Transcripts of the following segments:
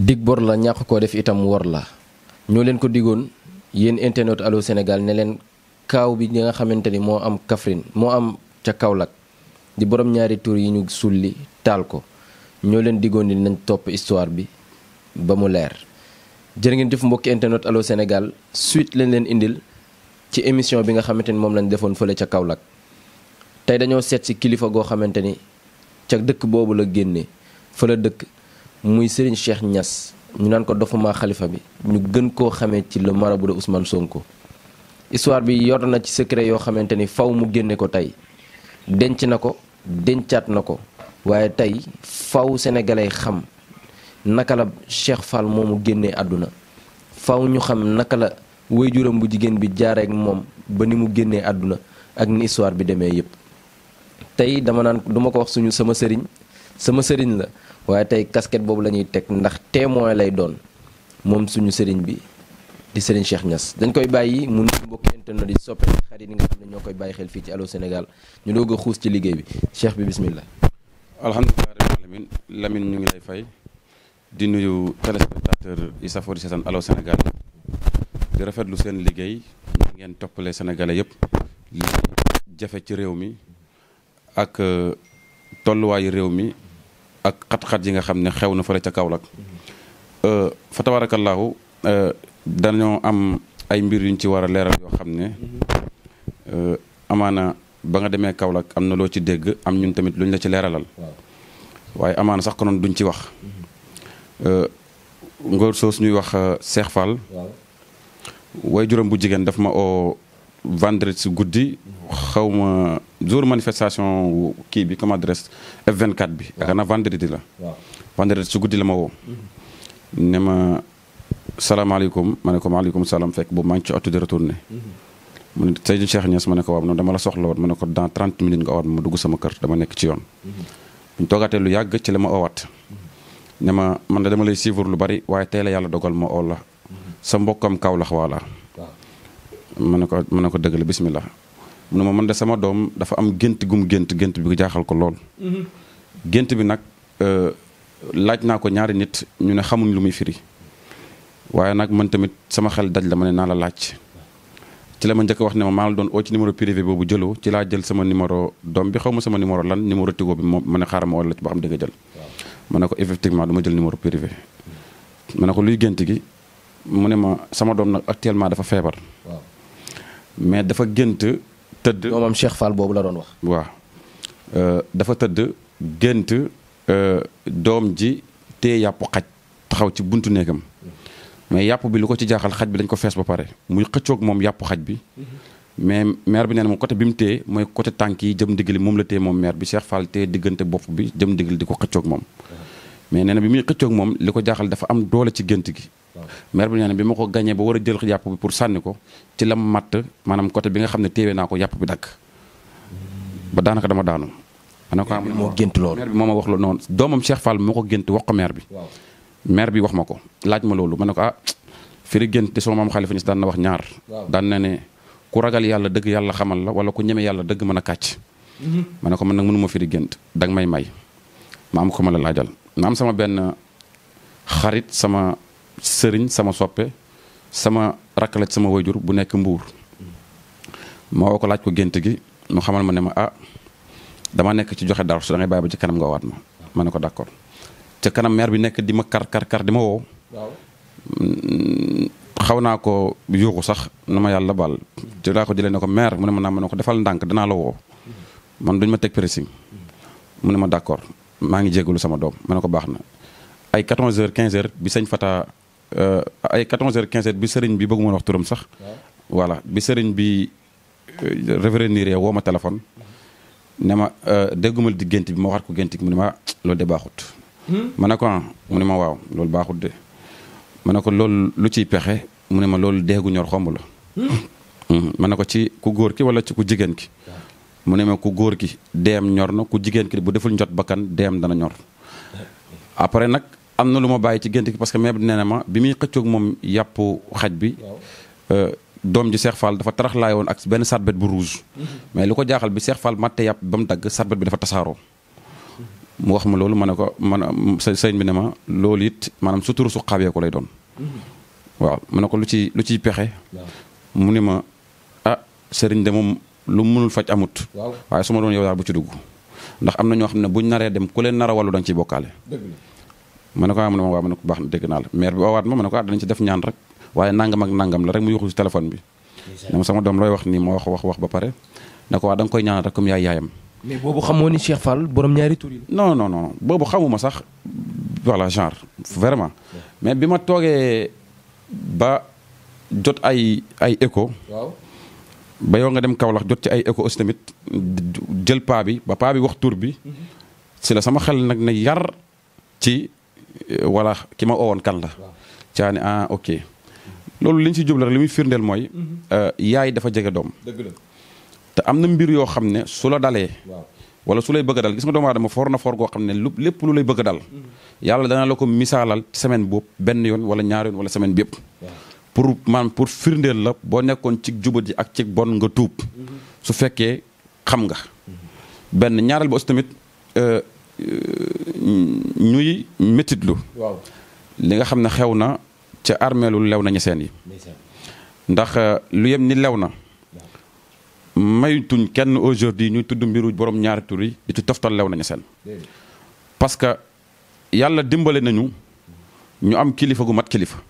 dig bor la ñàkk koo def itam wor la ñoo leen ko digoon yéen internet aloo Sénégal ne leen kaaw bi nga xamante ni moo am Kaffrine moo am ca Kaolack di borom ñaari tuur yi ñu sulli taal ko ñoo leen diggoon ni nañ topp histoire bi ba mu leer jër ngeen jëf mbokki internet Allô Sénégal suite lañ leen indil ci émission bi nga xamante ni moom lañ defoon fële ca Kaolack tey dañoo seet si kilifa goo xamante ni ca dëkk boobu la génne fa dëkk muy Serigne Cheikh Niass ñu naan ko dofuma xalifa bi ñu gën koo xamee ci le marabout de Ousmane Sonko histoire bi yor na ci secret yoo xamante ni faw mu génne ko tey denc na ko dencaat na ko waaye tey faw sénégalais xam naka la Cheikh moo mu génnee àdduna faw ñu xam naka la waajuram bu jigéen bi jaareek moom ba ni mu génnee àdduna ak ni histoire bi demee yépp tey dama naan duma ko wax suñu sama sëriñ sama sëriñ la waaye tey casquette boobu la ñuy teg ndax témoin lay doon moom suñu sëriñ bi di sëriñ Cheikh ñas dañ koy bàyyi mu nuyu mbokki internet di soppe xarit yi nga xam ne ñoo koy bàyyi xel fii ci Allô Sénégal ñu doog xuus ci liggéey bi cheikh bi bismillah alhamdulilah rabbil alamin Lamine ñu ngi lay fay di nuyu téléspectateur yi safoo di seetaan Allô Sénégal di rafetlu seen liggéey ñu ngeen toppale sénégalais yëpp li jafe ci réew mi ak euh, tolluwaayu réew mi ak xat-xat yi nga xam ne xew na fële ca Kaolack euh, fa tabaarakallaahu euh, dañoo am ay mbir yuñ ci war a leeral yoo xam ne euh, amaana ba nga demee Kaolack am na loo ci dégg am ñun tamit luñ la ci leeralal waaye amaana sax konoon duñ ci wax mm-hmm. ngóor su ñuy wax Cheikh Fall way juróom bu jigéen daf ma oo vendredi su guddi xawma ma jour manifestation kii bi comme adresse F24 bi. waaw yaakaar naa vendredi la. waaw vendredi si guddi la ma woo. Mhm. ne ma salaamaaleykum ma ne ko maaleykum salaam fekk boobu maa ngi ci oto di retourné. Mhm. mu ne Seydou Cheikh ma ne ko waaw noonu dama la soxla ma ne ko dans 30 minutes nga awaat dugg sama kër dama nekk ci yoon. Mhm. bu ñu lu yàgg ci la ma oowaat. ne ma man de dama lay suivre lu bari waaye tey la yàlla dogal ma oo la. sa mbokkam Kaolack waa laa ma ne ko ma ne ko dëgg la bisimilah mu ma man de sama doom dafa am gént gum gént gént bi jaaxal ko lool. Mhm. gént bi nag euh, laaj naa ko ñaari nit ñu ne xamuñ lu muy firi waaye nag man tamit sama xel daj la ma ne naa laaj. ci la ma njëkk wax ne ma maa doon oo ci numéro privé boobu jëloo ci laa jël sama numéro doom bi xaw ma sama numéro lan numéro tigo bi moom ma ne xaaral ma wala ci ba xam dëgg jël. ma ne ko effectivement dama jël numéro privé. ma ne ko luy gént gi mu ne ma sama doom nag actuellement dafa feebar. mais dafa gént tëdd. moom Cheikh Fall boobu la doon wax. waaw euh, dafa tëdd gént euh, doom ji te yàpp xaj taxaw ci buntu néegam mais yàpp bi li ko ci jaaxal xaj bi dañ ko fees ba pare muy xëccoog moom yàpp xaj bi. mais maire bi nee na moom bi mu téye mooy côté tànk yi jëm diggali moom la téye moom maire bi Cheikh Fall téye diggante bopp bi jëm diggali di ko xëccoog moom. mais nee bi muy xëccoog moom li ko jaaxal dafa am doole ci gént gi. maire bu ñaane bi ma ko gañee ba war a jël yàpp bi pour sànni ko ci la matt maanaam côté bi nga xam ne téewee naa ko yàpp bi dakk ba daanaka dama daanu ma ne moo gént loolu moo ma wax loolu noonu doomam Cheikh Fall moo ko gént wax ko maire bi maire bi wax ma ko laaj ma loolu ma ne ko ah firi gént te sama Xalifa Ñas daan na wax ñaar daan na ne ku ragal yàlla dëgg yàlla xamal la wala ku ñeme yàlla dëgg mën a kàcc mm-hmm. ma ne ko man nag mënuma firi gént dagg may may ma am ko ma la laajal ma am sama benn xarit sama sëriñ sama soppe sama rakk sama ci jur bu nekk mbuur ma woo ko laaj ko gént gi mu xamal ma ne ma ah dama nekk ci joxe dara su da ngay bàyyi ba ci kanam nga waat ma ma ne ko d'accord ca kanam bi nekk di ma kar kar kar di ma woo mm, naa ko yuuxu sax na ma yàlla baal ci laa ko jëlee ne ko maire mu ne ma naa ma ne ko defal ndànk danaa la woo man duñ ma teg pressing mu ne ma d'accord maa ngi jégalu sama doom ma ne ko baax na ay 14 heures 15 heures bi sëñ Fata Euh, ay 14 heures 15 heures bi sëriñ bi bëgguma wax turam sax. voilà bi sëriñ bi euh, revenir woo ma téléphone. ne ma euh, dégguma di gént bi ma waxaat ko gént bi mu ne ma loolu de baaxut. Hmm? ma ne ko ah, mu ne ma waaw loolu baaxut de. ma ne ko loolu lu ciy pexe mu ne ma loolu deegu ñor xomb la. Hmm? Hmm. ma ne ko ci ku góor ki wala ci ku jigéen ki. mu ne ma ku góor ki deem ñor na ku jigéen ki bu deful njot bakkan deem dana ñor. après nag am na lu ma bàyyi ci gént gi parce que meeb nee ma bi muy xëccoog moom yàpp xaj bi euh, doom ji seex Fall dafa tarax laay woon ak benn sarbet bu rouge mm-hmm. mais lu ko jaaxal bi seex Fall matte yàpp ba mu dagg sarbet bi dafa tasaaroo mu wax ma loolu ma ne ko man sëñ bi ne ma loolu it maanaam suturu su xaabee lay doon mm-hmm. ma ne ko lu ci lu ciy pexe mu ne ma ah sëriñ de moom lu mënul faj amut waaye su ma doon yow daal bu ci dugg ndax am na ñoo xam ne buñ naree dem ku leen nara a wàllu da ciy bokkaale ma ne ko ah mu ne ma waaw baax na dégg naa la maire bi woowaat ma ma ne ko ah, rek waaye nangam ak nangam la rek mu yuxu si bi sama doom looy wax nii ma wax wax wax ba pare ne koy ñaan rek comme yaay mais boobu xamoo ni Cheikh Fall borom ñaari tur yi non non non boobu xamuma sax voilà genre vraiment mais bi ma toogee ba jot ay ay écho ba yow nga dem Kaolack jot ci ay écho aussi tamit jël paa bi ba paa bi wax tuur bi mhm. si la sama xel nag ne yar ci wala euh, ki ma owoon kan la caa ne ah ok loolu li si jublu rek li muy firndeel mooy mhm. euh, yaay dafa jege doom te am na mbir yoo xam ne su la dalee wala su lay bëgg dal gis nga doomu aadama foor na foor goo xam ne lu lépp lu lay bëgg dal mhm. yàlla dana la ko misaalal semaine boobu benn yoon wala ñaar yoon wala semaine bi yëpp pour maanaam pour firndeel la boo nekkoon ci jubadi ak ci bon nga tuub mhm. su fekkee xam nga benn ñaareel ba aussi tamit euh, Euh, ñuy métitlu li nga xam ne xew na ca armeelu lew na ñeseen yi ndax euh, lu yem ni lew na maytuñ kenn aujourd'hui ñuy tudd mbiru borom ñaari tur yi di ci toftal lew na ñeseen parce que yàlla dimbale nañu ñu am kilifa gu mat kilifa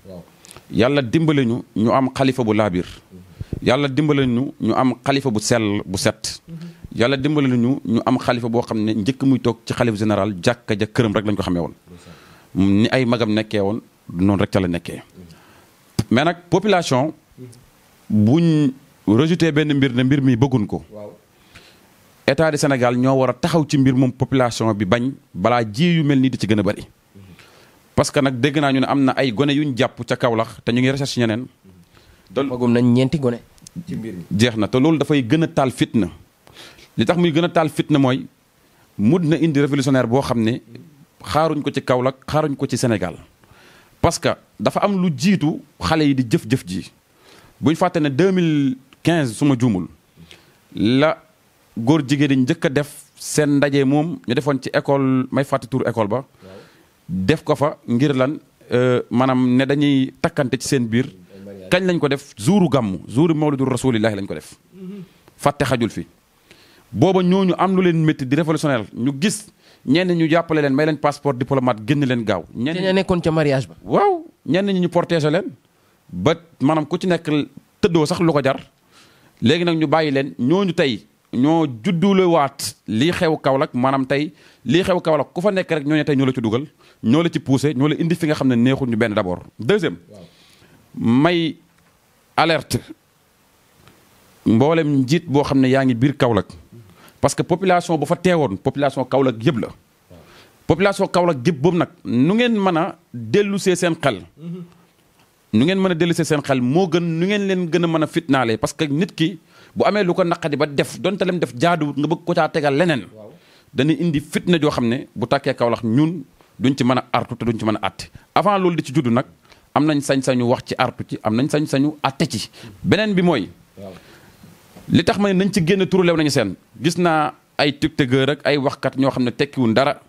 yàlla dimbale ñu ñu am xalifa bu laabiir mm. yàlla dimbale ñu ñu am xalifa bu sell bu set. yàlla dimbali ñu ñu am xalifa boo xam ne njëkk muy toog ci xalifa général jàkka ja këram rek lañ ko xamee woon. ni ay magam nekkee woon noonu rek ca la nekkee. mais nag population. buñ rejeté benn mbir na mbir mi bëggun ko. état du Sénégal ñoo war a taxaw ci mbir moom population bi bañ balaa ji yu mel nii di ci gën a bari. Mhm. parce que nag dégg naa ñu ne am na ay gone yuñ jàpp ca Kaolack te ñu ngi recherche ñeneen. te magum nañ ñeenti gone ci mbir jeex na te loolu dafay gën a taal fitna li tax muy gën a taal fitna mooy mud na indi révolutionnaire boo xam ne xaaruñ ko ci Kaolack xaaruñ ko ci Sénégal parce que dafa am lu jiitu xale yi di jëf-jëf ji buñ fàtte ne 2015 su ma juumul la góor jigéen di njëkk a def seen ndaje moom ñu defoon ci école may fàtte tur école ba def ko fa ngir lan euh, maanaam ne dañuy takkante ci seen biir kañ lañ ko def zuuru gàmm zuuru mawlidu rasulillahi lañ ko def fàtte xajul fi booba ñu am lu leen métti di révolutionnaire ñu gis ñenn ñu jàppale leen may leen passeport diplomate génn leen gaaw. ñenn ñi nekkoon ca mariage ba. waaw ñenn ñi ñu protéger leen ba maanaam ku ci nekk tëddoo sax lu ko jar léegi nag ñu bàyyi leen ñoo ñu tey ñoo juddule waat lii xew Kaolack maanaam tey lii xew Kaolack ku fa nekk rek ñooñu tey ñoo la ci dugal ñoo la ci poussé ñoo la indi fi nga xam ne neexul ñu benn d'abord deuxième. Wow. may alerte mboolem njiit boo xam ne yaa ngi biir Kaolack parce que population bu fa teewoon population Kaolack yëpp la. population Kaolack yëpp boobu nag nu ngeen mën a dellusee seen xel. nu ngeen mën a dellusee seen xel moo gën nu ngeen leen gën a mën a fitnaale parce que nit ki bu amee lu ko naqadi ba def donte lem def jaaduwut nga bëgg ko caa tegal leneen. dañuy indi fitna joo xam ne bu tàkkee Kaolack ñun duñ ci mën a artu te duñ ci mën a àtte avant loolu di ci juddu nag. am nañ sañ-sañu wax ci artu ci am nañ sañ-sañu atte ci beneen bi mooy li tax ma ne nañ ci génn turu lew nañu seen gis naa ay tiktokeur ak ay waxkat ñoo xam ne tekkiwul dara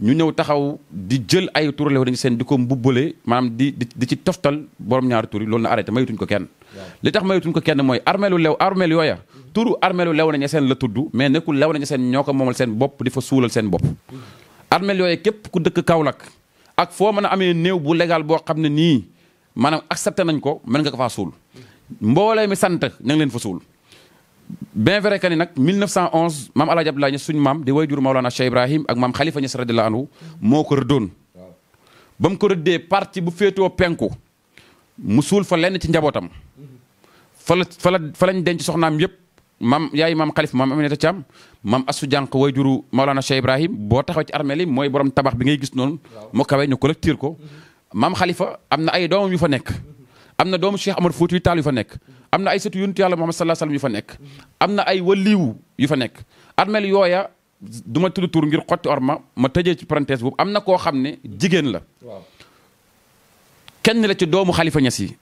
ñu ñëw taxaw di jël ay turu lew nañu seen di ko mbubbale maam di di ci toftal borom ñaari tur yi loolu na arrêté mayutuñ ko kenn li tax mayutuñ ko kenn mooy armeelu lew armeel yooya turu armeelu lew nañu seen la tudd mais nekkul lew nañu seen ñoo ko moomal seen bopp di fa suulal seen bopp hmm. armeel yooya képp ku dëkk kaw Kaolack ak foo mën a amee néew bu legal boo xam ne nii maanaam accepté nañ ko mën nga ko faa suul mboolee mi sant na nga leen fa suul bien vrai que ni nag 1911 maam El Hadj Abdoulaye Niass suñu maam di wayjur Maolana Cheikh Ibrahim ak maam Khalifa Niass radiyallahu anhu moo ko rëddoon. ba mu ko rëddee parti bu féetoo penku mu suul fa lenn ci njabootam fa la fa la fa lañ denc soxnaam yëpp. mam yaay maam xalif maam Aminata Thiam maam Assou Diank way juru Maolana Cheikh Ibrahim boo taxaw ci armée mooy borom tabax bi ngay gis noonu mu kawe ñu collecteur ko maam xalifa am na ay doomam yu fa nekk am na doomu Cheikh Amar Fouti Tall yu fa nekk am na ay sëtu yonent yàlla Muhammad sallallahu alayhi yu fa nekk am na ay waliwu yu fa nekk armée yooya du ma tudd tur ngir xotti orma ma tëjee ci parenthèse boobu am na koo xam ne jigéen la kenn la ci doomu xalifa ñas yi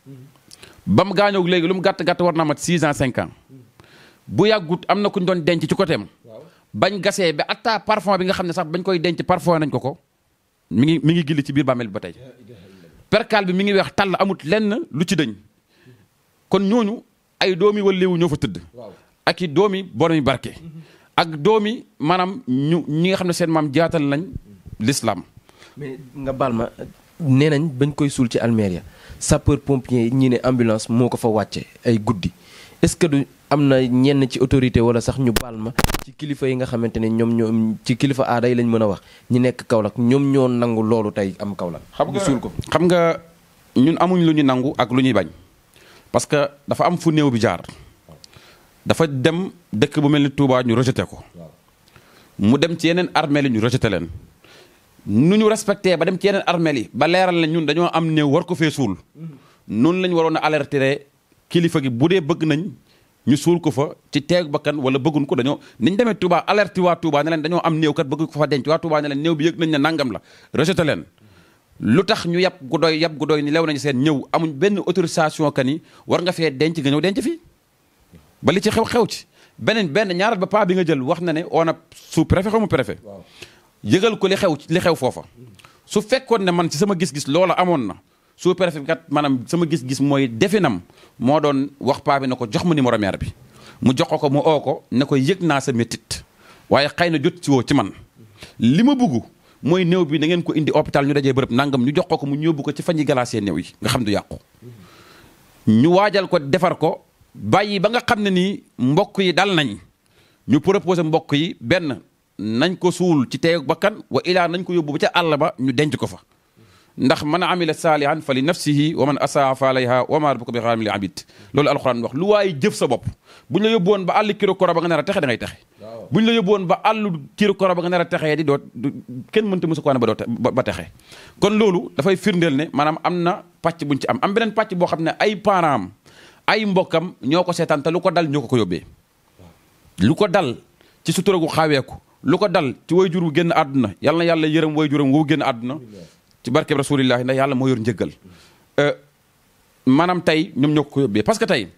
ba mu gaañoog léegi lu mu gàtt gàtt war naa mat 6 ans 5 bu yàggut am na ku ñu doon denc ci côté am bañ gasee ba atta parfum bi nga xam ne sax bañ koy denc parfum nañ ko ko mi ngi mi ngi gilli ci biir bàmmeel bi ba tey perkaal bi mi ngi weex tàll amut lenn lu ci dëñ kon ñooñu ay doomi waliwu ñoo fa tëdd ak i doomi borom yi barke mm-hmm. ak doomi maanaam ñu ñi nga xam ne seen maam jaatal nañ lislaam mais nga baal ma nee nañ bañ koy suul ci almeria sapeur pompier ñi ne ambulance moo ko fa wàcce ay guddi am na ñenn ci autorité wala sax ñu baal ma ci kilifa yi nga xamante ne ñoom ñoo ci kilifa aada yi lañ mën a wax ñi nekk Kaolack ñoom ñoo nangu loolu tey am Kaolack. xam nga suul ko xam nga ñun amuñ lu ñu nangu ak lu ñuy bañ parce que dafa am fu néew bi jaar dafa dem dëkk bu mel ni Touba ñu rejeté ko mu dem ci yeneen armée yi ñu rejeté leen. nu ñu respecté ba dem ci yeneen armeel yi ba leeral na ñun dañoo am néew war ko fee suul mm-hmm. noonu lañ waroon a alerter kilifa gi bu dee bëgg nañ ñu suul ko fa ci teeg bakkan wala bëggun ko dañoo niñ demee Touba alerte waa Touba ne leen dañoo am néew kat bëgg ko fa denc waa Touba ne leen néew bi yëg nañ ne nangam la rejeté leen lu tax ñu yàpp gu doy yàpp gu doy ni lew nañu seen ñëw amuñ benn autorisation kan ni war nga fee denc nga ñëw denc fii ba li ci xew xew ci beneen benn ñaaral ba paa bi nga jël wax na ne on a sous préfet xaw mu préfet yëgal ko li xew li xew foofa su fekkoon ne man ci sama gis-gis loola amoon na sous préfet bi maanaam sama gis-gis mooy definam moo doon wax paa na ko jox ma numéro maire bi mu jox ko mu oo ko ne ko yëg naa sa métit waaye xëy na jot ci woo ci man li ma bëgg mooy néew bi da ngeen ko indi hôpital ñu dajee bërëb nangam ñu jox ko ko mu ñëbbu ko ci fa ñuy galaasee néew yi nga xam du yàqu ñu waajal ko defar ko bàyyi ba nga xam ne nii mbokk yi dal nañ ñu proposé mbokk yi benn nañ ko suul ci teegu bakkan wa ilaa nañ ko yóbbu ba ca àll ba ñu denc ko fa ndax man amila saalihan fa li nafsihi wa man asaa fa alayha wa ma rabbuka bi xaamili abid loolu alxuraan wax lu waaye jëf sa bopp bu ñu la yóbbu woon ba àll kiro koro ba nga nar a texe da ngay texe la yóbbu woon ba àll kiro koro ba nga nar a texe di doo kenn mënta musa ko ne ba doo ba texe kon loolu dafay firndeel ne maanaam am na pàcc buñ ci am am beneen pàcc boo xam ne ay parents ay mbokkam ñoo ko seetaan te lu ko dal ñoo ko ko yóbbee lu ko dal ci sutura gu xaaweeku lu ko dal ci way jur wu àdduna yàlla na yàlla yërëm way juram woo génn àdduna ci barkeb rasulillahi ndax yàlla moo yor njëggal euh, maanaam tey ñoom ñoo ko yóbbee parce que tey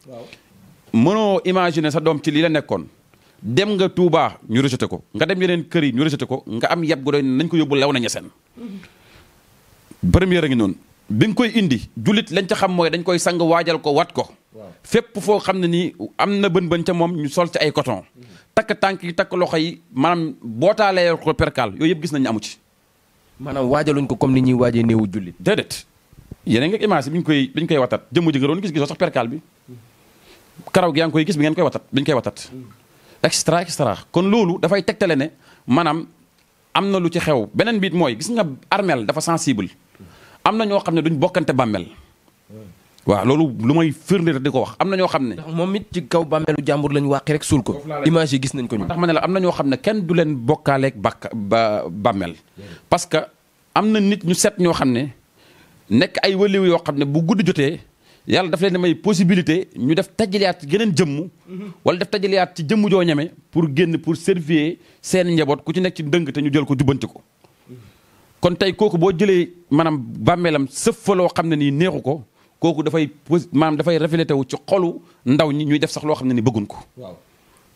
mënoo imagine sa doom ci lii la nekkoon dem nga Touba ñu rejeté ko nga dem yeneen kër yi ñu rejeté ko nga am yab gu doy nañ ko yóbbu lew na ñeseen première a ngi noonu bi nga koy indi jullit lañ ca xam mooy dañ koy sang waajal ko wat ko fépp foo xam ne nii am na bën bën ca moom ñu sol ci ay coton mhm. takk tànk yi takk loxo yi maanaam bootaalee ko perkaal yooyu yëpp gis nañu amu ci maanaam waajaluñ ko comme ni ñuy waajee néewu jullit déedéet yeneen nga image bi ñu koy bi ñu koy watat jëmm ji nga doon gis gisoo sax perkaal bi karaw gi yaa ngi koy gis bi ngeen koy watat bi ñu koy watat mm. extra extra kon loolu dafay tegtale ne maanaam am na lu ci xew beneen biit mooy gis nga armeel dafa sensible am na ñoo xam ne duñ bokkante bàmmeel mm. waaw loolu lu may firnde rek di ko wax am na ñoo xam ne. moom it ci kaw bàmmeelu jàmbur lañ wàqi rek suul ko. image yi gis nañ ko ñu. ndax ne am na ñoo xam ne kenn du leen bokkaaleeg bakka ba bàmmeel parce que am na nit ñu set ñoo xam ne nekk ay wëliw yoo xam ne bu guddi jotee yàlla daf leen di may possibilité ñu def tajaliyaat ci geneen jëmm. wala def tajaliyaat ci jëmm joo ñeme pour génn pour servir seen njaboot ku ci nekk ci ndëng te ñu jël ko jubbanti ko. kon tey kooku boo jëlee maanaam bàmmeelam sëf fa loo xam ne nii neexu ko. kooku dafay maanaam dafay reflété wu ci xolu ndaw ñi ñuy def sax loo xam ne ni bëgguñ ko.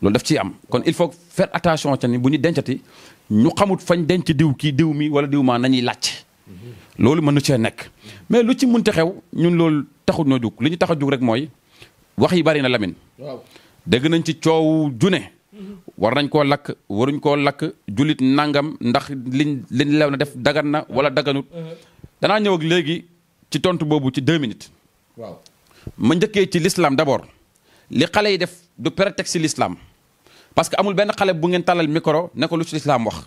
loolu daf ciy am kon il faut faire attention ca ni bu ñu dencati ñu xamut fañ denc diw kii diw mi wala diw maa nañuy laaj. Mm-hmm. loolu mën na cee nekk mais lu ci mun te xew ñun loolu taxut ñoo jug li ñu tax a jug rek mooy wax yi bari na Lamine. waaw nañ ci coow june. Mm-hmm. war nañ koo lakk waruñ koo lakk julit nangam ndax liñ liñ lew na def dagan na wala daganut. Uh-huh. danaa ci tontu boobu ci deux minutes. waaw ma njëkkee ci l'islam d'abord li xale yi def du prétexte ci l'islam parce que amul benn xale bu ngeen talal micro ne ko lu ci lislaam wax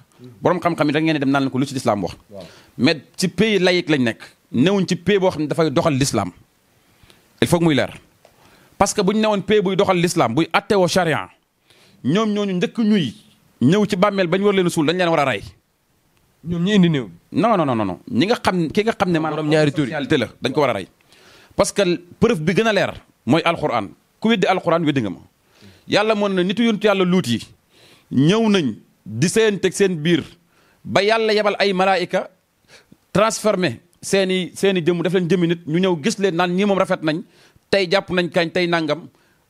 borom xam-xam yi da ngeen dem naan ko lu ci lislaam wax. mais ci pays laïque lañ nekk. newuñ ci pays boo xam ne dafay doxal l'islam il faut muy leer parce que bu ñu newoon pays buy doxal l'islam buy attewoo charia ñoom ñooñu njëkk ñuy ñëw ci bàmmeel ba ñu war leen a suul dañ leen war a rey. ñoom ñi indi néew. non non non non ñi nga xam ki nga xam ne maanaam ñaari tur yi la dañ ko war a rey parce que preuve bi gën a leer mooy alxuraan ku weddi alxuraan weddi nga ma yàlla moon na nitu yontu yàlla luut yi ñëw nañ di seen teg seen biir ba yàlla yebal ay malaayika transformé seen i seen i jëmm def jëmmi nit ñu ñëw gis leen naan ñii moom rafet nañ tey jàpp nañ kaañ tey nangam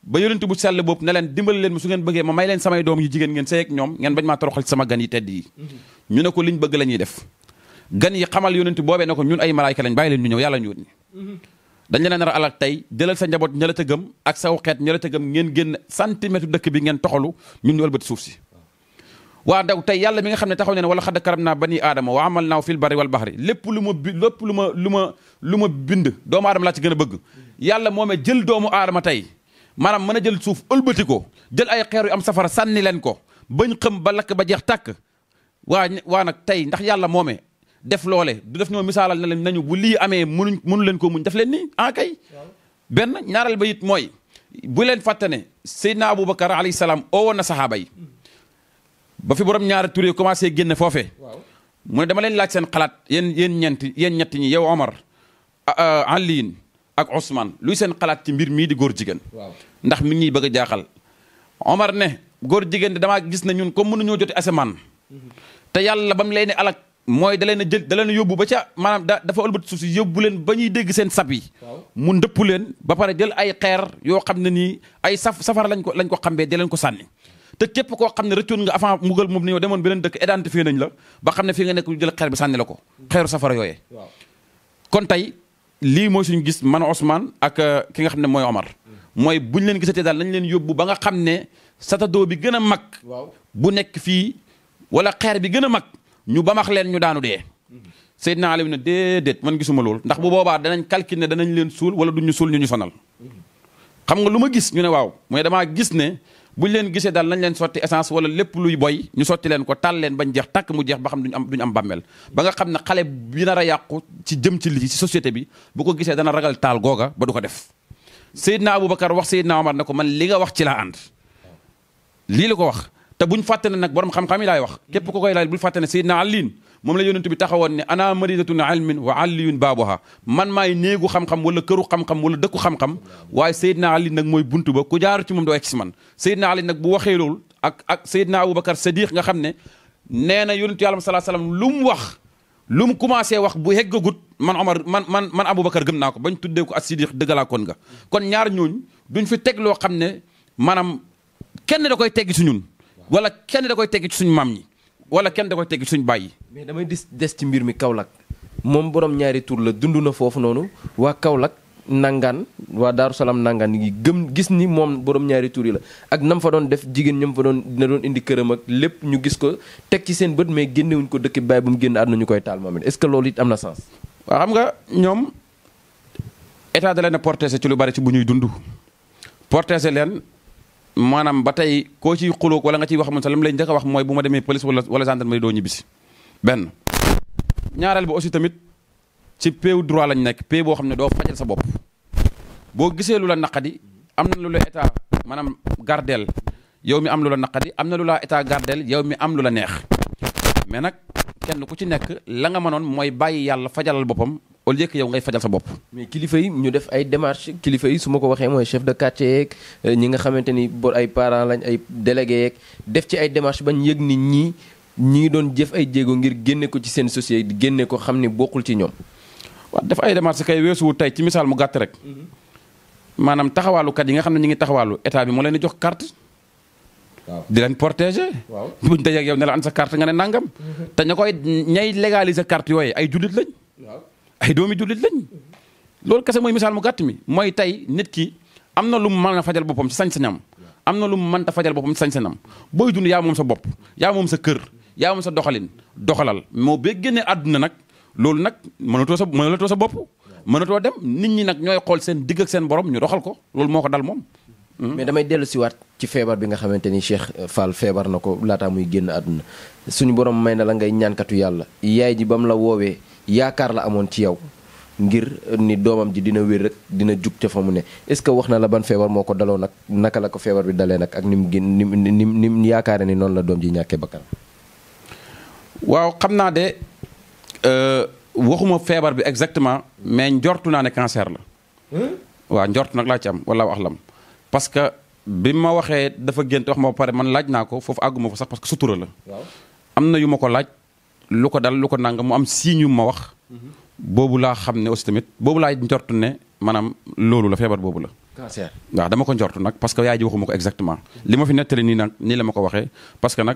ba yonent bu sell boobu ne leen dimbal leen ma su ngeen bëggee ma may leen samay doom yu jigéen ngeen sey ñoom ngeen bañ maa toroxal sama gan yi tedd yi ñu ne ko liñ bëgg la ñuy def gan yi xamal yonent boobee ne ko ñun ay malaayka lañ bàyyi leen ñu ñëw yàlla ñu wut dañ leen nar a alal tey jëlal sa njaboot ña la tëggam ak saw xeet ña la tëggam ngeen génn centimètre dëkk bi ngeen toxalu ñun ñu walbati suuf si waa daw tey yàlla mi nga xam ne taxaw ne wala xadd karam naa bani aadama wa amal naaw fil bari wal baxri lépp lu ma bi lépp lu ma lu ma lu ma bind doomu aadama laa ci gën a bëgg yàlla moomee jël doomu aadama tey maanaam mën a jël suuf ëlbati ko jël ay xeer yu am safara sànni leen ko bañ xëm ba lakk ba jeex takk waa waa nag tey ndax yàlla moomee def loole du def ñoo misaalal na leen nañu bu lii amee mënuñ mënu leen ko muñ def leen nii ah kay benn ñaareel ba it mooy bu leen fàtte ne Seydina Aboubacar alayhi salaam oo woon na saxaaba yi ba fi borom ñaari tur commencé génne foofee mu ne dama leen laaj seen xalaat yéen yéen ñeent yéen ñett ñi yow Omar Aliin ak Ousmane luy seen xalaat ci mbir mii di góor jigéen. ndax mi ñuy bëgg jaaxal. Omar ne góor jigéen di damaa gis ne ñun comme mënuñoo joti asamaan. te yàlla ba mu leen alak mooy da leen a jël da leen yóbbu ba ca maanaam da dafa ëlbati suuf si yóbbu leen ba ñuy dégg seen sab yi. mu ndëpp leen ba pare jël ay xeer yoo xam ne nii ay saf safara lañ ko lañ ko xambee di leen ko sànni. te képp koo xam ne rëccoon nga avant mugal moom ni yow demoon beneen dëkk identifié nañ la ba xam ne fii nga jël xeer bi sànni la mm. xeeru safara yooyee. lii mooy suñu gis man Ousmane ak euh, ki nga xam ne mooy Omar mooy bu buñ leen gisatee daal nañ leen yóbbu ba nga xam ne satadoo bi gën a mag bu nekk fii wala xeer bi gën a mag ñu bamax leen ñu daanu dee Seydina Aliou ne déedéet man gisuma lool ndax bu boobaa danañ calculer ne danañ leen suul wala duñu suul ñu ñu sonal xam nga lu ma gis ñu ne waaw mooy damaa gis ne bu buñ leen gisee daal nañ leen sotti essence wala lépp luy boy ñu sotti leen ko taal leen ñu jeex tàkk mu jeex ba xam duñ am duñ ba nga xam ne xale bi nar a yàqu ci jëm ci lii ci société bi bu ko gisee dana ragal taal googa ba du ko def Seydina Aboubacar wax naa Omar ne ko man li nga wax ci laa ànd lii la ko wax te buñ fàtte ne nag borom xam-xam yi laay wax képp ko koy laaj bul fàtte ne Seydina Aliin moom la yonent bi taxawoon ne ana maridatun ilmin wa aliyun baabuha man maay néegu xam-xam wala këru xam-xam wala dëkku xam-xam waaye Seydina Ali nag mooy buntu ba ku jaar ci moom doo egg si man Seydina Ali nag bu waxee loolu ak ak Seydina Aboubacar Sadiq nga xam ne nee na yonentu yàlla salaa salaam lu mu wax lu mu commencé wax bu heggagut man Omar man man man Aboubacar gëm naa ko bañ tuddee ko as Sidiq nga kon ñaar ñooñu duñ fi teg loo xam ne maanaam kenn da koy teggi ci ñun wala kenn da koy teggi ci suñu maam ñi wala kenn da koy teg suñ bàyyi. mais damay des des ci mbir mi Kaolack moom borom ñaari tur la dund na foofu noonu waa Kaolack nangaan waa Daaru Salaam nangaan yi gëm gis ni moom borom ñaari tur yi la ak nam fa doon def jigéen ñam fa doon dina doon indi këram ak lépp ñu gis ko teg ci seen bët mais génnewuñ ko dëkk bàyyi bu mu génn àdduna ñu koy taal moom est-ce que loolu it am na sens. waa xam nga ñoom état de leen a protéger ci lu bari ci bu ñuy dund protéger leen maanaam ba tey koo ciy xulóog wala nga ciy wax moom sax li mu lay njëkk wax mooy bu ma demee police wala wala gendarmerie doo ñibbisi benn ñaareel ba aussi tamit ci péew droit lañ nekk péew boo xam ne doo fajal sa bopp boo gisee lu la naqadi am na lu la état maanaam gardeel yow mi am lu la naqadi am na lu la état gardeel yow mi am lu la neex mais nag kenn ku ci nekk la nga mënoon mooy bàyyi yàlla fajalal boppam au lieu que yow ngay fajal sa bopp. mais kilifa yi ñu def ay démarches kilifa yi su ma ko waxee mooy chef de quartier yeeg euh, ñi nga xamante ni bor ay parents lañ ay délégué yeeg def ci ay démarches bañ yëg nit ñi ñi ngi doon jëf ay jéego ngir génne ko ci seen société génne ko xam ni bokkul ci ñoom. waaw def ay démarches kay wu tey ci misaal mu gàtt rek. Mm-hmm. maanaam taxawaalukat yi nga xam ne ñu ngi taxawaalu état bi moo leen di jox carte. waaw di leen protéger. waaw buñ tey ak yow an sa carte nga ne nangam. Mm-hmm. te ña koy yooyu ay jullit lañ. ay doomi jullit lañ loolu kese mooy misaal mu gàtt mi mooy tey nit ki am na lu mu man a fajal boppam ci sañ-sañam am na lu mu mënta fajal boppam ci sañ-sañam booy dund yaa moom sa bopp yaa moom sa kër yaa moom sa doxalin doxalal moo bee génnee àdduna nag loolu nag mënatoo sa mënatoo sa bopp mënatoo dem nit ñi nag ñooy xool seen digg ak seen borom ñu roxal ko loolu moo ko dal moom hmm? mais damay dellu siwaat ci feebar bi nga xamante ni Cheikh Fall feebar na ko laataa muy génn àdduna suñu borom may na la ngay ñaankatu yàlla yaay ji ba la woowee yaakaar la amoon ci yow ngir ni doomam ji dina wér rek dina jug ca fa mu ne est-ce que wax na la ban feebar moo ko daloo nag naka la ko feebar bi dalee ak ni mu gén ni ni ni mu yaakaare ni noonu la doom ji ñàkkee bakkan waaw xam naa de euh, waxuma feebar bi exactement mais njortu naa ne cancer la. Hmm? waa njort nag laa ci am wala wax lam parce que bi ma waxee dafa gént wax ma pare man laaj naa ko foofu àgguma ko sax parce que sutura la. am na yu ma ko laaj. lu ko dal lu ko nang mu am signe ma wax. boobu laa xam ne aussi tamit boobu laa njortu ne maanaam loolu la feebar boobu la. cancer waaw dama ko njortu nag parce que yaay ji waxuma ko exactement. li ma fi nettali nii nag nii la ma ko waxee parce que nag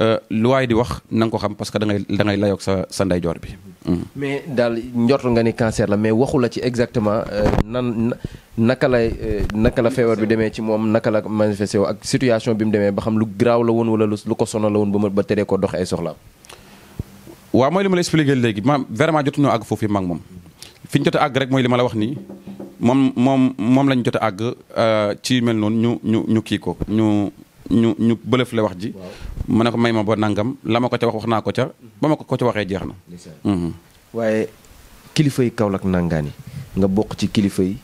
euh, lu waay di wax na xam parce que da ngay da ngay layoog sa sa ndeyjoor bi. Mm. mais daal njortu nga ni cancer la mais waxu la ci exactement euh, nan naka la euh, naka la feebar bi demee ci moom naka la manifesté ak situation bi mu demee ba xam lu graaw la woon wala lu ko sono la woon ba ba teree ko dox ay soxlaam. waaw mooy li ma la expliqué léegi ma vraiment jotuñu àgg foofu yi mag moom fi ñu jot a rek mooy li ma la wax nii moom moom moom lañ jot a àgg euh, ci mel noonu ñu ñu ñu kii ko ñu ñu ñu bëlëf la wax ji. ma ne ko may ma ba nangam la ma ko ca wax wax naa ko ca ba ma ko ko ca waxee jeex na. Mhm. waaye kilifa yi Kaolack nangaan yi nga bokk ci kilifa yi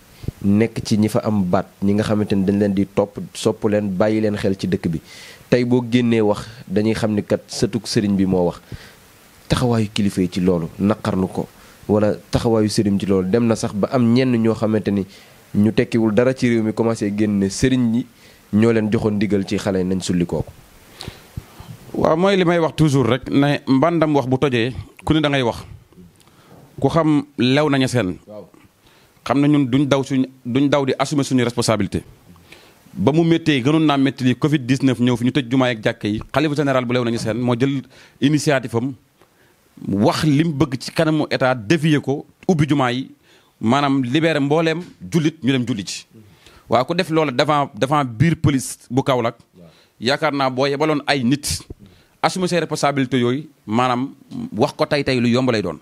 nekk ci ñi fa am baat ñi nga xamante ni dañ leen di topp sopp leen bàyyi leen xel ci dëkk bi tey boo génnee wax dañuy xam ni kat sëtuk sëriñ bi moo wax. taxawaayu kilifa yi ci loolu naqarlu ko wala taxawaayu sëriñ ci loolu dem na sax ba am ñenn ñoo xamante ni ñu tekkiwul dara ci réew mi commencé génne sëriñ yi ñoo leen joxoon ndigal ci xale nañ sulli kooku. waa mooy li may wax toujours rek ne mbandam wax bu tojee ku ne da ngay wax ku xam lew nañu seen. xam na ñun duñ daw suñu duñ daw di assumer suñu responsabilité. ba mu méttee gënoon naa métti li Covid 19 ñëw fi ñu tëj jumaay ak jàkk yi xalifa général bu lew nañu seen moo jël initiative am wax li mu bëgg ci kanamu état dévier ko ubbi jumaa yi maanaam libéré mbooleem jullit ñu dem julli ci waa ku def loola devant devant biir police bu Kaolack yaakaar naa boo yebaloon ay nit assumer ses responsabilités yooyu maanaam wax ko tey tey lu yomb lay doon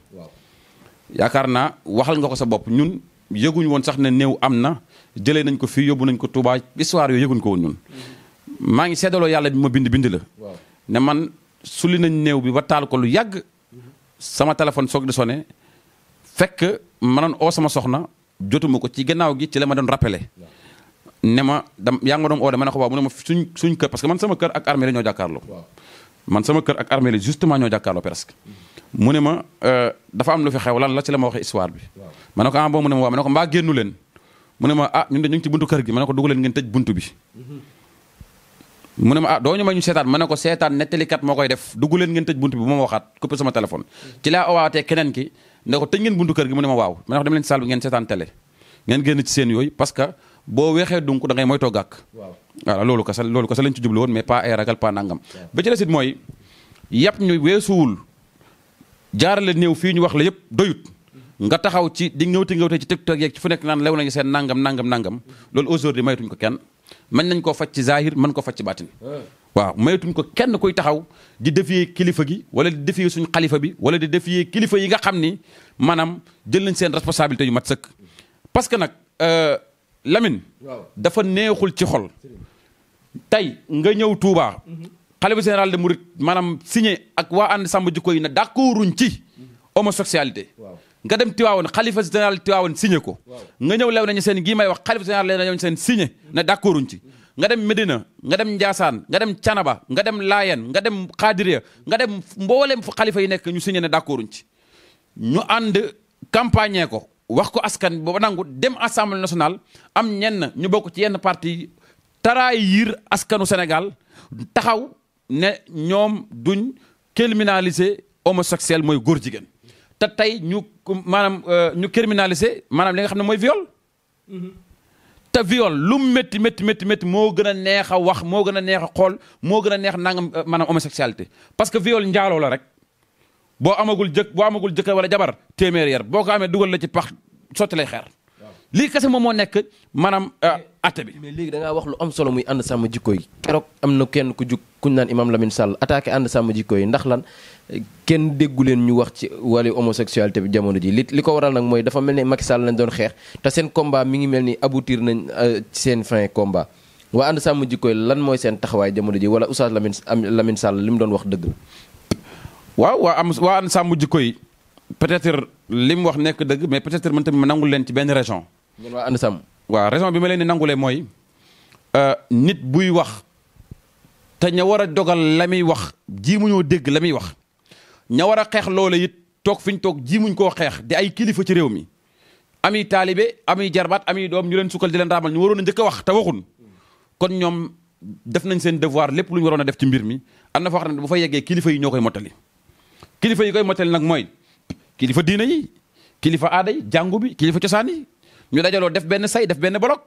yaakaar naa waxal nga ko sa bopp ñun yëguñ woon sax ne néew am na jëlee nañ ko fii yóbbu nañ ko Touba histoire yooyu yëguñ ko woon ñun mm-hmm. maa ngi seddaloo yàlla bi ma bind bindi la ne man sulli nañ néew bi ba taal ko lu yàgg sama téléphone soog di sonné fekk ma doon oo sama soxna jotuma ko ci gannaaw gi ci la ma doon rappelé. ne ma dam yaa nga doon oo de ma ne ko waaw mu ne man sama kër ak armée ñoo jàkkaarloo. man sama kër ak armée la ñoo jàkkaarloo presque. mu ne ma euh, dafa am lu fi lan la ci la ma waxee histoire bi. ma ah, ne ma waaw ma ne ko mbaa génnu leen. mu ne ma ah ñun de ñu ci buntu kër gi man ne ko dugg leen ngeen tëj buntu bi. Mm-hmm. mu ne ma ah doo ñu ma ñu seetaan ma ne ko seetaan nettalikat moo koy def dugg leen ngeen tëj buntu bi bu ma waxaat coupé sama téléphone ci laa owaatee keneen ki ne ko tëj ngeen buntu kër gi mu ne ma waaw ma ne ko dem leen ci bi ngeen seetaan télé ngeen génn ci seen yooyu parce que boo weexee dunk da ngay moytoo gàkk voilà loolu kasa loolu kasa lañ ci jublu woon mais pas ay ragal pas nangam ba ci la sit mooy yàpp ñu weesuwul jaarale néew fii ñu wax la yëpp doyut mm-hmm. nga taxaw ci di ngëwte ngëwte ci tiktok yeeg ci nekk naan lew nañu seen nangam nangam nangam mm-hmm. loolu aujourd'hui maytuñ ko kenn man nañ koo faj ci zahir man ko faj ci baatin waaw mayatuñ ko kenn kuy taxaw di defiyee kilifa gi wala di defiyee suñu xalifa bi wala di defiyee kilifa yi nga xam ni maanaam jël nañ seen responsabilité yu mat sëkk parce que nag euh, Lamine dafa neexul ci xol tey nga ñëw tuuba xalifa général de Mouride maanaam signé ak waa ànd sàmm jikko yi na d'accorduñ ci homosexualité nga dem Tiwaawoon xalifa général Tiwaawoon signé ko nga ñëw lew nañu seen gii may wax xalifa général lew nañu seen signé ne d'accorduñ ci nga dem Medina nga dem Njaasaan nga dem Canaba nga dem Laayeen nga dem Xaadiriya nga dem mboolem fu xalifa yi nekk ñu signé ne d'accorduñ ci ñu ànd campagne ko wax ko askan booba nangu dem assemblée nationale am ñenn ñu bokk ci yenn parti taraay yiir askanu Sénégal taxaw ne ñoom duñ criminaliser homosexuel mooy góor jigéen te tey ñu maanaam euh, ñu criminalisé maanaam li nga xam ne mooy viol. Mm-hmm. te viol lu métti metti métti métti moo gën a neex a wax moo gën a neex a xool moo gën a neex nangam euh, maanaam homosexualité parce que viol njaaloo la rek boo amagul jëkk boo amagul jëkkër wala jabar téeméer yar boo ko amee dugal la ci pax sotti lay xeer. lii kese moom moo nekk maanaam euh, atte bi. mais léegi da wax lu am solo muy ànd sàmm jikko yi keroog am na kenn ku jug kuñ naan imam Lamine Sall attaqué ànd sàmm jikko yi ndax lan kenn déggu leen ñu wax ci wàllu homosexualité bi jamono ji li li ko waral nag mooy dafa mel ni Macky Sall lañ doon xeex te seen combat mi ngi mel ni aboutir nañ euh, ci seen fin combat. waa ànd sàmm jikko yi lan mooy seen taxawaay jamono ji wala oustaz Lamine Lamine Sall li mu doon wax dëgg la. waa am waa ànd sàmm jikko yi peut-être li mu wax nekk dëgg mais peut-être man tamit leen ci benn région. ñun waa ànd sàmm waaw raison bi ma leen di nangulee mooy euh, nit buy wax te ña war a dogal la muy wax ji mu ñoo dégg la muy wax ña war a xeex loola it toog fi ñu toog ji muñ koo xeex di ay kilifa ci réew mi ami taalibe ami jarbaat ami doom ñu leen sukkal di leen raamal ñu waroon a njëkk a wax te waxun kon ñoom def nañ seen devoir lépp lu ñu waroon a def ci mbir mi am na foo xam ne bu fa yeggee kilifa yi ñoo koy mottali kilifa yi koy mottali nag mooy kilifa diina yi kilifa aada yi bi kilifa cosaan ñu dajaloo def benn say def benn bloc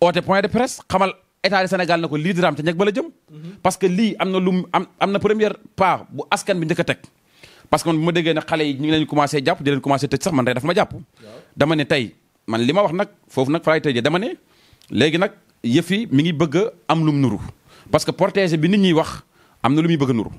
oote point de presse xamal état du Sénégal na ko lii diraam te ñeg ba la jëm mhm. parce que lii am na lum am am na première pa bu askan bi njëkk a teg parce que man bu ma déggee ne xale yi ñu ngi leen commencé jàpp di leen commencé tëj sax man tey dafa ma jàpp dama ne tey man li ma wax nag foofu nag fa laay dama ne léegi nag yëf yi mi ngi bëgg a am lum nuru parce que protégé bi nit ñuy wax am na lu muy bëgg a nuru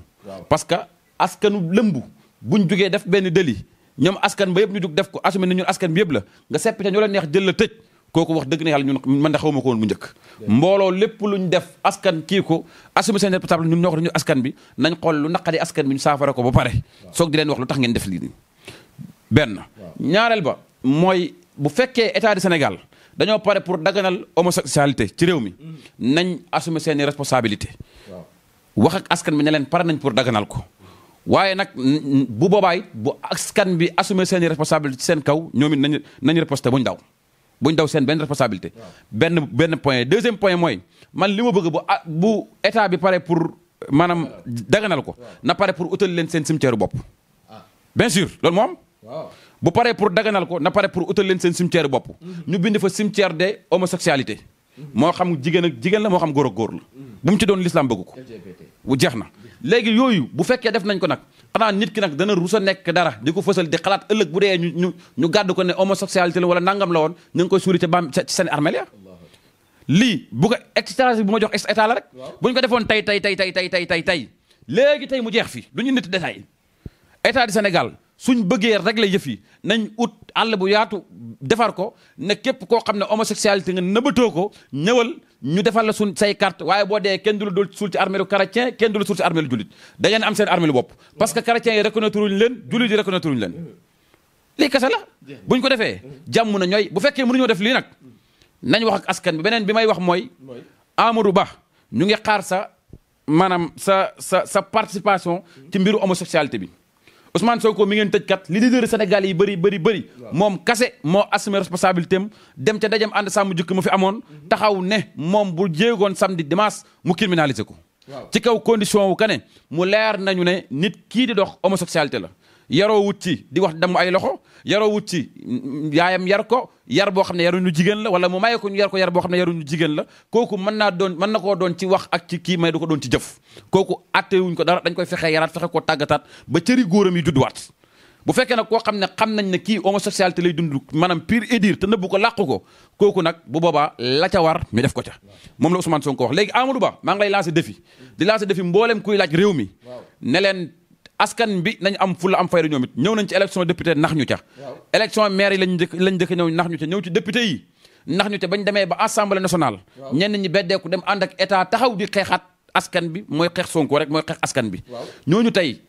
parce que askanu lëmb buñ jugee def benn délit ñoom askan ba yëpp ñu dug def ko assumé ne ñun askan bi yëpp la nga seppite ñoo la neex jël la tëj kooku wax dëgg na yàlla ñun man de xawma ko woon bu njëkk mbooloo lépp luñ def askan kii ko assumé seen responsable ñun ñoo ko ñun askan bi nañ xool lu naqari askan bi ñu saafara ko ba pare soog di leen tax ngeen def lii nii benn ñaareel ba mooy bu fekkee état Sénégal dañoo pare pour daganal homosexualité ci réew mi mm. nañ assumé seeni responsabilité wax ak askan bi ne leen pare nañ pour daganal ko waaye nag bu boobaay bu askan bi assumer seen responsabilité seen kaw ñoom it nañu nañu riposte bu ñu daw buñ ñu daw seen benn responsabilité benn benn point deuxième point mooy man li ma bëgg bu ah, bu état bi pare pour maanaam daganal ko na pare pour utal leen seen cimetière bopp ah. bien sûr loolu moom bu paree pour daganal ko na pare pour utal leen seen cimetière bopp mhm. ñu bind fa cimetière de homosexualité moo xam jigéen ak jigéen la moo xam góor ak góor la bu mu ci doon lislaam bëgg ko bu jeex na léegi yooyu bu fekkee def nañ ko nag xanaa nit ki nag dana rusa nekk dara di ko fësal di xalaat ëllëg bu dee ñu ñu ñu gàddu ko ne homosexualité la wala nangam la woon ñu ngi koy suuli ca baam ci seen armeel ya lii bu ko extase bu ma jox état la rek buñ ko defoon tey tey tey tey tey tey tey tey léegi tey mu jeex fi ñu nit détail état du Sénégal suñ bëggee rek la yëf yi nañ ut àll bu yaatu defar ko ne képp koo xam ne homosexualité nga nëbbatoo ko ñëwal ñu defal la suñ say carte waaye boo dee kenn du la dul suul ci armeelu chrétien kenn du la suul ci armeelu jullit da am seen armeelu bopp parce que chrétiens yi reconnaître wuñ leen jullit yi reconnaître wuñ leen lii kese la buñ ko defee jàmm na ñooy bu fekkee mënuñoo def lii nag nañ wax ak askan bi beneen bi may wax mooy Amadou Ba ñu ngi xaar sa maanaam sa sa sa participation ci mbiru homosexualité bi Ousmane ko mi ngeen tëj kat li leader Sénégal yi bëri bëri bëri moom kase moo assumé responsabilité dem ca dajam ànd sàmm jukki mu fi amoon mhm. taxaw ne moom bu jéegoon samedi dimanche mu criminalisé ko ci kaw condition wu kane mu leer nañu ne nit kii di dox homosexualité la yaroo wut ci di wax damm ay loxo yaroo wut ci yaayam yar ko yar boo xam ne yaruñu jigéen la wala mu maye ko ñu yar ko yar boo xam ne jigéen la kooku mën naa doon mën na koo doon ci wax ak ci ki may du ko doon ci jëf kooku attewuñ ko dara dañ koy fexee yaraat fexe ko tàggataat ba cëri mi yi waat bu fekkee nag koo xam ne xam nañ ne kii homosexualité lay dund maanaam pire et dire te nëbbu ko làqu ko kooku nag bu boobaa la ca war mi def ko ca moom la Ousmane Sonko wax léegi Amadou Ba maa ngi lay lancer défi di lancer défi mboolem kuy laaj réew mi askan bi nañ am fulla am fayda ñoom ñëw nañ ci élection député nax ñu ca élection maire yi lañ njëkk lañ njëkk ñëw nax ñu ca ñëw ci député yi nax ñu bañ demee ba assemblée nationale ñenn ñi beddeeku dem ànd ak état taxaw di xeexaat askan bi mooy xeex Sonko rek mooy xeex askan bi ñooñu tey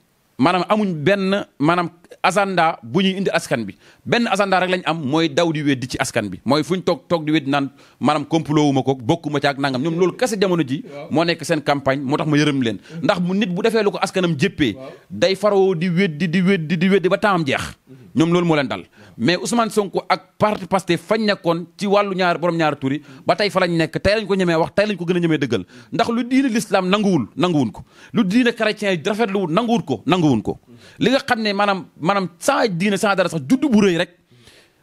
maanaam amuñ benn maanaam agenda bu ñuy indi askan bi benn agenda rek lañ am mooy daw di weddi ci askan bi mooy fu ñu toog toog di weddi naan maanaam complot wu ko bokkuma ci ak nangam ñoom loolu kese jamono ji moo nekk seen campagne moo tax ma yërëm leen mm-hmm. ndax mu nit bu defee lu ko askanam jéppee day faroo di weddi di weddi di weddi ba taam jeex mm-hmm. ñoom loolu moo leen dal mais Ousmane Sonko ak parti Pastef fañ nekkoon ci wàllu ñaar borom ñaar turi ba tey fa lañ nekk tey lañ ko ñemee wax tey lañ ko gën a ñemee dëggal ndax lu diine l'islam nanguwul nanguwun ko lu diine chrétien yi rafetluwul nanguwul ko nanguwun ko li nga xam ne maanaam maanaam sans diine sans dara sax juddu bu rëy rek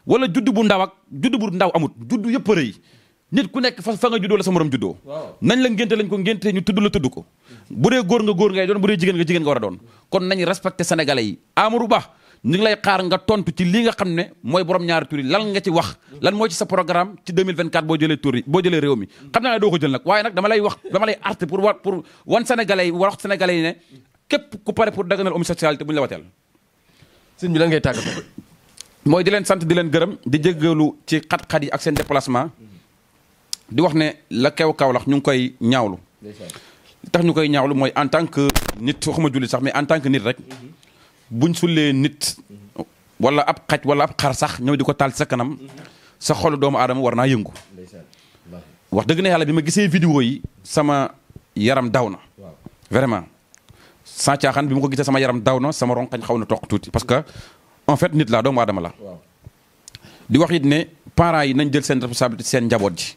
wala juddu bu ndaw ak juddu bu ndaw amut juddu yëpp rëy nit ku nekk fa fa nga juddoo la sa morom juddoo nañ la ngénte lañ ko ngénte ñu tudd la tudd ko bu dee góor nga góor ngay doon bu dee jigéen nga jigéen nga war a doon kon nañ respecté sénégalais yi Amadou Ba ñu lay xaar nga tontu ci lii nga xam ne mooy borom ñaari tur yi lan nga ci wax lan mooy ci sa programme ci 2024 boo jëlee tur yi boo jëlee réew mi xam naa ne doo ko jël nag waaye nag dama lay wax dama lay arté pour wa pour wan sénégalais yi wax sénégalais ne képp ku pare pour daganal homosexualité bu ñu la wateel sëñ bi lan ngay tàggatoo mooy di leen sant di leen gërëm di jéggalu ci xat-xat yi ak seen déplacement di wax ne la kew Kaolack ñu ngi koy ñaawlu tax ñu koy ñaawlu mooy en tant que nit waxuma julli sax mais en tant que rek mhm. buñ sullee nit wala ab xaj wala ab xar sax ñëw di ko taal sa kanam sa xolu doomu aadama war naa yëngu wax dëgg na yàlla bi ma gisee vidéo yi sama yaram daw na vraiment sans caaxaan bi ma ko gisee sama yaram daw na sama ronqañ xaw na toq tuuti parce que en fait nit laa doomu adama la di wax it ne parents yi nañ jël seen responsabilité seen njaboot ji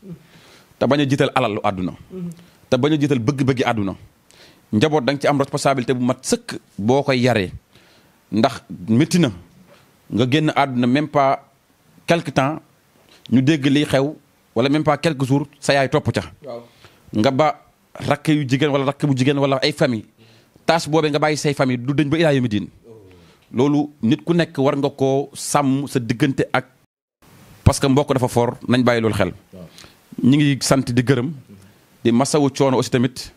te bañ a jiital alalu àdduna mm-hmm. te bañ a jiital bëgg-bëggi àdduna njaboot da nga ci am responsabilité bu mat sëkk boo koy yaree ndax métti na nga génn àdduna même pas quelque temps ñu dégg li xew wala même pas quelques jours sa yaay topp ca. nga ba rakk yu jigéen wala rakk bu jigéen wala ay famille tâche boobee nga bàyyi say famille du dañ ba ilaa yawmi diin loolu nit ku nekk war nga koo sàmm sa diggante ak. parce que mbokk dafa fort nañ bàyyi loolu xel. ñi ngi sant di gërëm. di masawu coono aussi tamit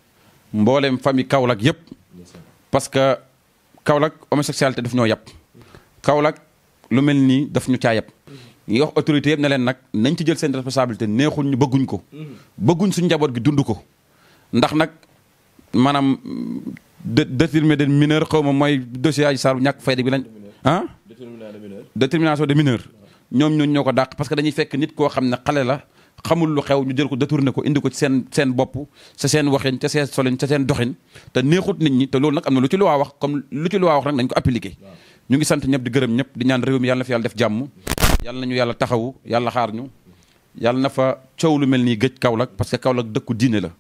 mboolem famille Kaolack yëpp. parce que. Kaolack homosexualité daf ñoo yàpp Kaolack lu mel nii daf ñu caa yàpp ñi wax autorité yëpp ne leen nag nañ ci jël seen responsabilité neexul ñu bëgguñ ko bëgguñ suñu njaboot gi dund ko ndax nag maanaam détournement de mineur xaw ma mooy dossier Adji Sarr ñàkk fayda bi lañ ah détermination de mineur ñoom ñooñu ñoo ko dàq parce que dañuy fekk nit koo xam ne xale la xamul lu xew ñu jël ko détourné ko indi ko ci seen seen bopp sa seen waxin ca seen solin ca seen doxin te neexut nit ñi te loolu nag am na lu ci lu waa wax comme lu ci lu waa wax nag nañ ko appliqué ñu ngi sant ñëpp di gërëm ñëpp di ñaan réew mi yàlla na fi yàlla def jàmm yàlla nañu yàlla taxawu yàlla xaar ñu yàlla na fa coow lu mel nii gëj Kaolack parce que Kaolack dëkku diine la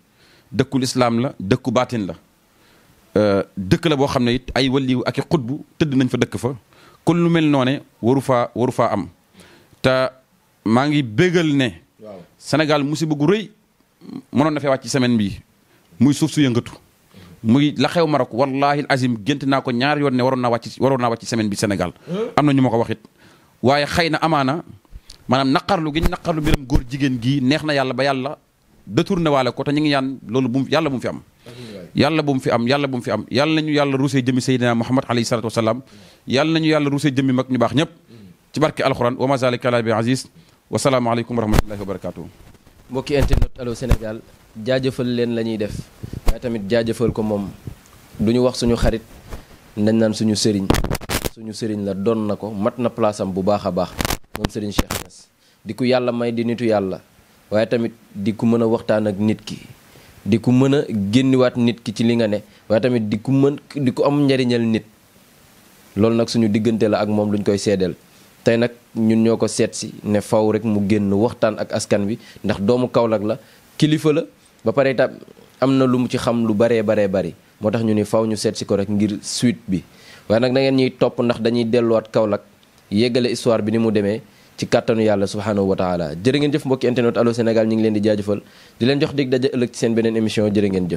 dëkku lislaam la dëkku baatin la euh, dëkk la boo xam ne it ay waliw ak i xutbu tëdd nañ fa dëkk fa kon lu mel noone waru faa waru faa am te ngi bégal ne waaw Sénégal musiba gu rëy mënoon na fee wàcc semaine bii muy suuf su yëngatu. muy la xew Maroc wallaahi azim gént naa ko ñaar yoon ne waroon naa wàcc waroon naa wàcc semaine bi Sénégal. am na ñu ma ko waxit waaye xëy na amaana maanaam naqarlu gi ñu naqarlu mbiram góor jigéen gii neex na yàlla ba yàlla détourné waale ko te ñu ngi yaan loolu bu yàlla bu mu fi am. yàlla bu mu fi am yàlla bu mu fi am yàlla nañu yàlla ruusee jëmi Seydina Muhammad alayhi salaatu wa salaam yàlla nañu yàlla ruusee jëmi mag ñu baax ñëpp. ci barke alxuraan wa wasalaamaaleykum wa rahmatullahi wa barakaatu. mbokki internet Allô Sénégal jaajëfal leen la ñuy def waaye tamit jaajëfal ko moom du ñu wax suñu xarit nañ naan suñu sëriñ suñu sëriñ la doon na ko mat na place bu baax a baax moom sëriñ Cheikh Niass di ku yàlla may di nitu yàlla waaye tamit di ku mën a waxtaan ak nit ki di ku mën a génniwaat nit ki ci li nga ne waaye tamit di ku mën di ku am njariñal nit loolu nag suñu diggante la ak moom luñ koy seedeel tey nag ñun ñoo ko seet si ne faw rek mu génn waxtaan ak askan wi ndax doomu kawlak la kilifa la ba pare itam am na lu mu ci xam lu baree baree bari moo tax ñu ni faw ñu seet ko rek ngir suite bi waaye nag na ngeen ñuy topp ndax dañuy delluwaat Kaolack yeggale histoire bi ni mu demee ci kàttanu yàlla subhaanahu wa taala jërë ngeen jëf mbokki internet Allô Sénégal ñu ngi leen di jaajëfal di leen jox dig daje ëllëg ci seen beneen émission jërë ngeen